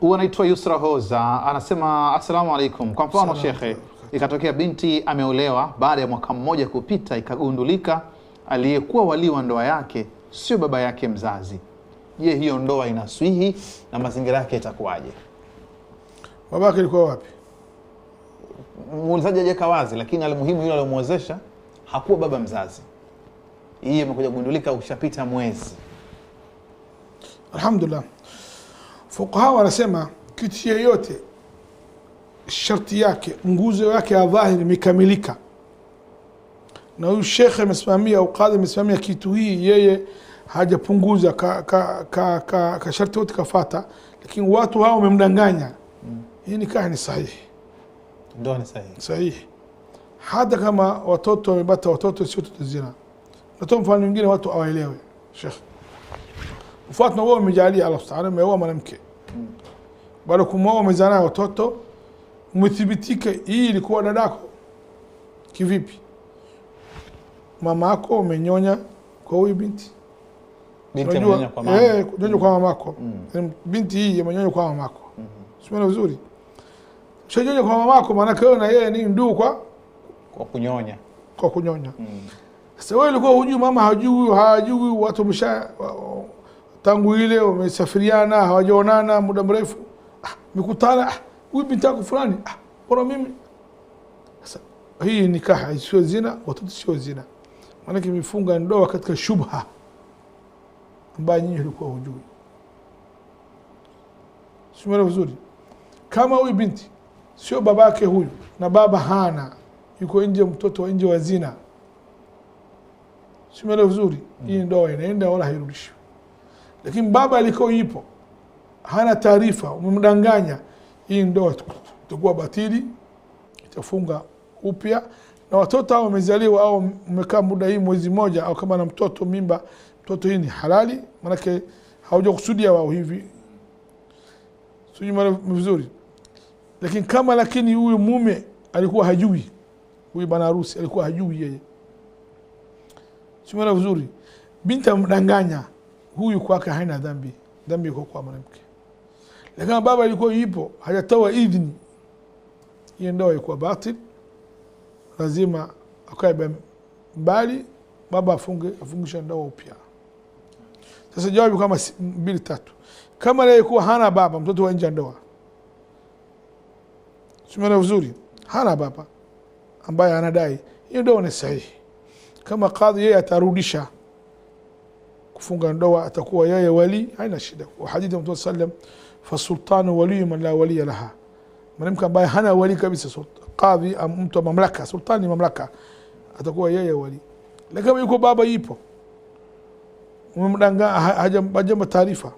huu anaitwa Yusra Hoza anasema assalamu alaikum. Kwa mfano shekhe, ikatokea binti ameolewa, baada ya mwaka mmoja kupita ikagundulika aliyekuwa wali wa ndoa yake sio baba yake mzazi. Je, hiyo ndoa inaswihi na mazingira yake itakuwaje? yake alikuwa wapi? Muulizaji hajaweka wazi, lakini alimuhimu yule aliyomwezesha hakuwa baba mzazi. Hii imekuja kugundulika ushapita mwezi. Alhamdulillah. Fuqaha wanasema kitu yeyote sharti yake nguzo yake ya dhahiri imekamilika, na huyu shekhe amesimamia au kadhi amesimamia kitu hii, yeye hajapunguza ka, ka, ka, ka, ka sharti yote kafata, lakini watu hao wamemdanganya mm. Hii nikaha ni sahihi, ndoa ni sahihi sahihi, hata kama watoto wamepata watoto sio zina. Natoa mfano mwingine watu awaelewe shekhe Mfuatna huwa umejalia Allah subhanahu umeoa mwanamke bado kumwoa umezaa naye watoto, umethibitike hii ilikuwa dadako. Kivipi? Mama mamako umenyonya kwa huyu binti, binti unajua kwa mama eh, kunyonya kwa mamako mm. Yaani binti hii imenyonya kwa mamako mm -hmm. Sio vizuri ushanyonya kwa mama mm-hmm. mamako, maana kwa na yeye ni ndugu kwa kwa kunyonya kwa kunyonya mm. Sasa wewe ulikuwa hujui, mama hajui, hajui, watu wamesha tangu ile wamesafiriana hawajaonana muda mrefu, ah, mikutana ah, huyu ah, binti fulani ah, bora mimi sasa. Hii nikaha sio zina, watoto sio zina, maanake mifunga ndoa katika shubha ambayo nyinyi ulikuwa hujui. Simeelewa vizuri? Kama huyu binti sio babake huyu na baba hana, yuko nje, mtoto wa nje wa zina. Simeelewa vizuri? Hii mm. ndoa inaenda wala hairudishi lakini baba alikuwa ipo hana taarifa, umemdanganya, hii ndoa itakuwa batili, itafunga upya. Na watoto hao wamezaliwa au umekaa muda hii mwezi mmoja, au kama na mtoto mimba, mtoto hii ni halali, manake haujakusudia wao hivi, sijui vizuri. Lakini kama lakini huyu mume alikuwa hajui, huyu bwana harusi alikuwa hajui yeye, sijui vizuri, binti amdanganya huyu kwake haina dhambi, dhambi iko kwa mwanamke. Lakini baba ilikuwa ipo hajatoa idhini, hiyo ndoa ilikuwa batil, lazima akae mbali, baba afunge afungishe ndoa upya. Sasa jawabu kama mbili tatu, kama aliyekuwa hana baba, mtoto wa nje ndoa, simana vizuri, hana baba ambaye anadai, hiyo ndoa ni sahihi. Kama kadhi yeye atarudisha kufunga ndoa atakuwa yeye wali, haina shida. Kwa hadithi Mtume sallam, fasultanu waliyu man la waliya laha, mwanamke ambaye hana wali kabisa, kadhi, mtu wa mamlaka. Sultani mamlaka, atakuwa yeye wali. Lakini yuko baba yipo, umemdanganya, hajampa taarifa,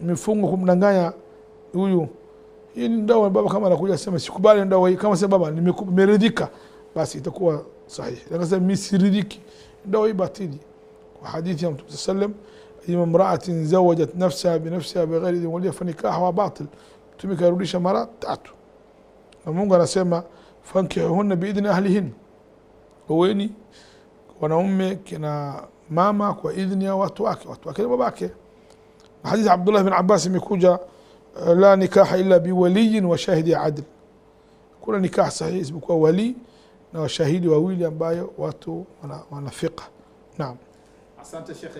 umefunga kumdanganya huyu, hii ni ndoa. Baba kama anakuja sema sikubali ndoa hii, kama sema baba nimeridhika, basi itakuwa sahihi. Lakini sasa mimi siridhiki, ndoa hii batili. وحديث يوم صلى الله عليه وسلم ima mraati zawajat nafsaha binafsiha bighairi idhni walia fanikahwa batil, Mtume karudisha mara tatu, na Mungu anasema fankihuhunna biidhni ahlihin, oweni wanaume kina mama kwa idhni ya watu wake, watu wake ni babake. Hadithi Abdullah bin Abbas imekuja la nikaha illa biwaliyin wa shahidi adl, kuna nikah sahihi isipokuwa wali na washahidi wawili ambayo watu wanafiqa. Naam. Asante Sheikh.